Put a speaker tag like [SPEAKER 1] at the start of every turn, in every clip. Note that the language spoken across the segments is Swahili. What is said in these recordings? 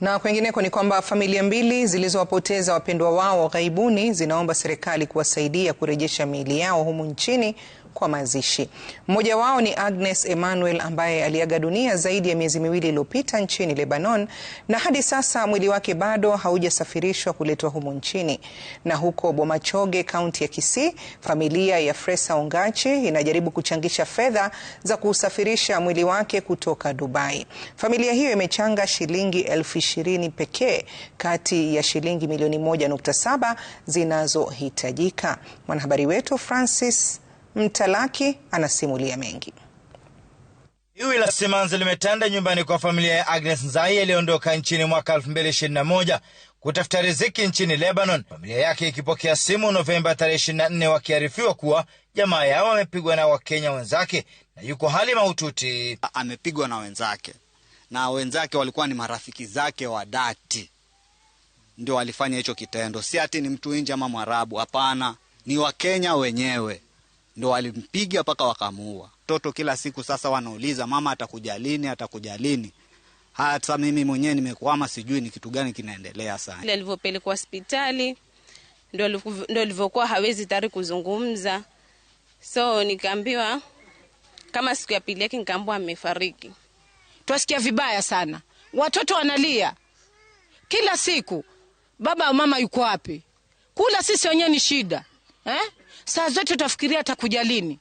[SPEAKER 1] Na kwengineko ni kwamba familia mbili zilizowapoteza wapendwa wao ghaibuni zinaomba serikali kuwasaidia kurejesha miili yao humu nchini kwa mazishi. Mmoja wao ni Agnes Emmanuel ambaye aliaga dunia zaidi ya miezi miwili iliyopita nchini Lebanon, na hadi sasa mwili wake bado haujasafirishwa kuletwa humu nchini. Na huko Bomachoge, kaunti ya Kisii, familia ya Fresa Ongachi inajaribu kuchangisha fedha za kuusafirisha mwili wake kutoka Dubai. Familia hiyo imechanga shilingi elfu ishirini pekee kati ya shilingi milioni 1.7 zinazohitajika. Mwanahabari wetu Francis Mtalaki anasimulia mengi.
[SPEAKER 2] Iwi la simanzi limetanda nyumbani kwa familia ya Agnes Nzai aliyeondoka nchini mwaka 2021 kutafuta riziki nchini Lebanon, familia yake ikipokea simu Novemba tarehe 24 wakiarifiwa kuwa jamaa yao amepigwa na Wakenya wenzake na yuko hali mahututi.
[SPEAKER 3] Amepigwa na wenzake na wenzake walikuwa ni marafiki zake wa dhati, ndio walifanya hicho kitendo, si ati ni mtu nje ama Mwarabu. Hapana, ni Wakenya wenyewe ndo walimpiga mpaka wakamuua. Mtoto kila siku sasa wanauliza mama atakuja lini, atakuja lini? Hata mimi mwenyewe nimekwama, sijui ni kitu gani kinaendelea sana.
[SPEAKER 4] Alivyopelekwa hospitali ndo alivyokuwa hawezi tayari kuzungumza, so nikaambiwa kama siku ya pili yake nikaambiwa amefariki.
[SPEAKER 5] Twasikia vibaya sana, watoto wanalia kila siku, baba au mama yuko wapi? Kula sisi wenyewe ni shida eh? Saa zote utafikiria atakuja lini,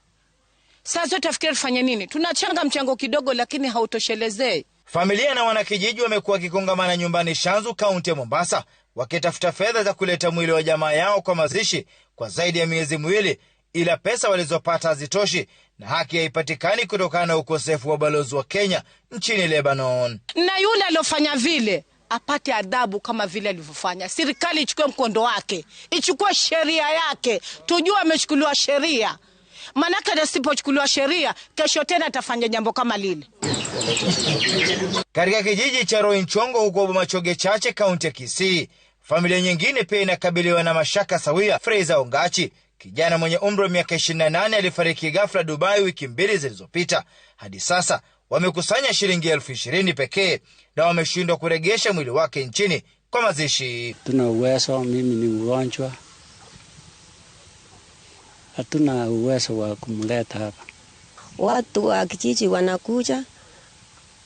[SPEAKER 5] saa zote utafikiria tufanye nini. Tunachanga mchango kidogo, lakini hautoshelezei.
[SPEAKER 2] Familia na wanakijiji wamekuwa wakikongamana nyumbani Shanzu, kaunti ya Mombasa, wakitafuta fedha za kuleta mwili wa jamaa yao kwa mazishi kwa zaidi ya miezi miwili, ila pesa walizopata hazitoshi na haki haipatikani kutokana na ukosefu wa balozi wa Kenya nchini Lebanon
[SPEAKER 5] na yule aliofanya vile apate adhabu kama vile alivyofanya. Serikali ichukue mkondo wake, ichukue sheria yake, tujue amechukuliwa sheria, maanake asipochukuliwa sheria, kesho tena atafanya jambo kama lile.
[SPEAKER 2] Katika kijiji cha Roinchongo huko Machoge Chache, kaunti ya Kisii, familia nyingine pia inakabiliwa na mashaka sawia. Fraser Ongachi kijana mwenye umri wa miaka 28 alifariki ghafla Dubai wiki mbili zilizopita. Hadi sasa wamekusanya shilingi elfu ishirini pekee na wameshindwa kuregesha mwili wake nchini kwa mazishi.
[SPEAKER 6] Hatuna uwezo, mimi ni mgonjwa, hatuna uwezo wa kumleta hapa.
[SPEAKER 7] Watu wa kijiji wanakuja,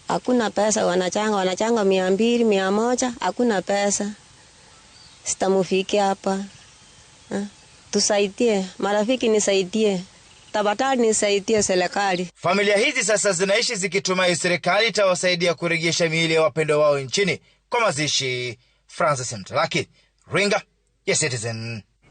[SPEAKER 7] hakuna pesa, wanachanga wanachanga mia mbili mia moja, hakuna pesa, sitamufikia hapa. Ah, tusaidie marafiki, nisaidie tabatani nisaidie serikali.
[SPEAKER 2] Familia hizi sasa zinaishi zikitumai serikali itawasaidia kurejesha miili ya wapendwa wao nchini kwa mazishi. Francis Mtalaki, Ringa ya Citizen.